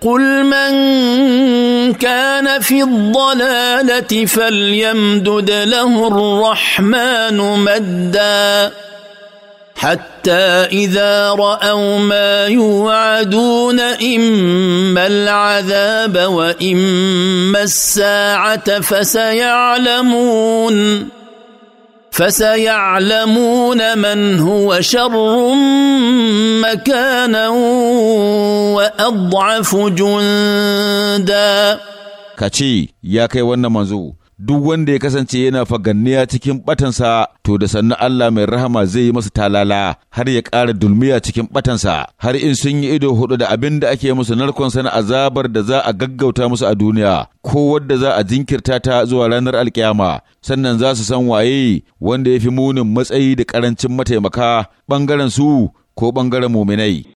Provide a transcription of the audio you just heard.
قل من كان في الضلاله فليمدد له الرحمن مدا حتى اذا راوا ما يوعدون اما العذاب واما الساعه فسيعلمون فسيعلمون من هو شر مكانا واضعف جندا kai يا wannan manzo duk wanda ya kasance yana faganniya cikin batansa to da sannu Allah mai rahama zai yi masa talala har ya ƙara dulmiya cikin batansa har in sun yi ido hudu da abin da ake musu narkon sana azabar da za a gaggauta musu a duniya ko wadda za a jinkirta ta zuwa ranar alkiyama sannan za su san waye wanda ya fi munin matsayi da karancin mataimaka ɓangaren su ko ɓangaren muminai.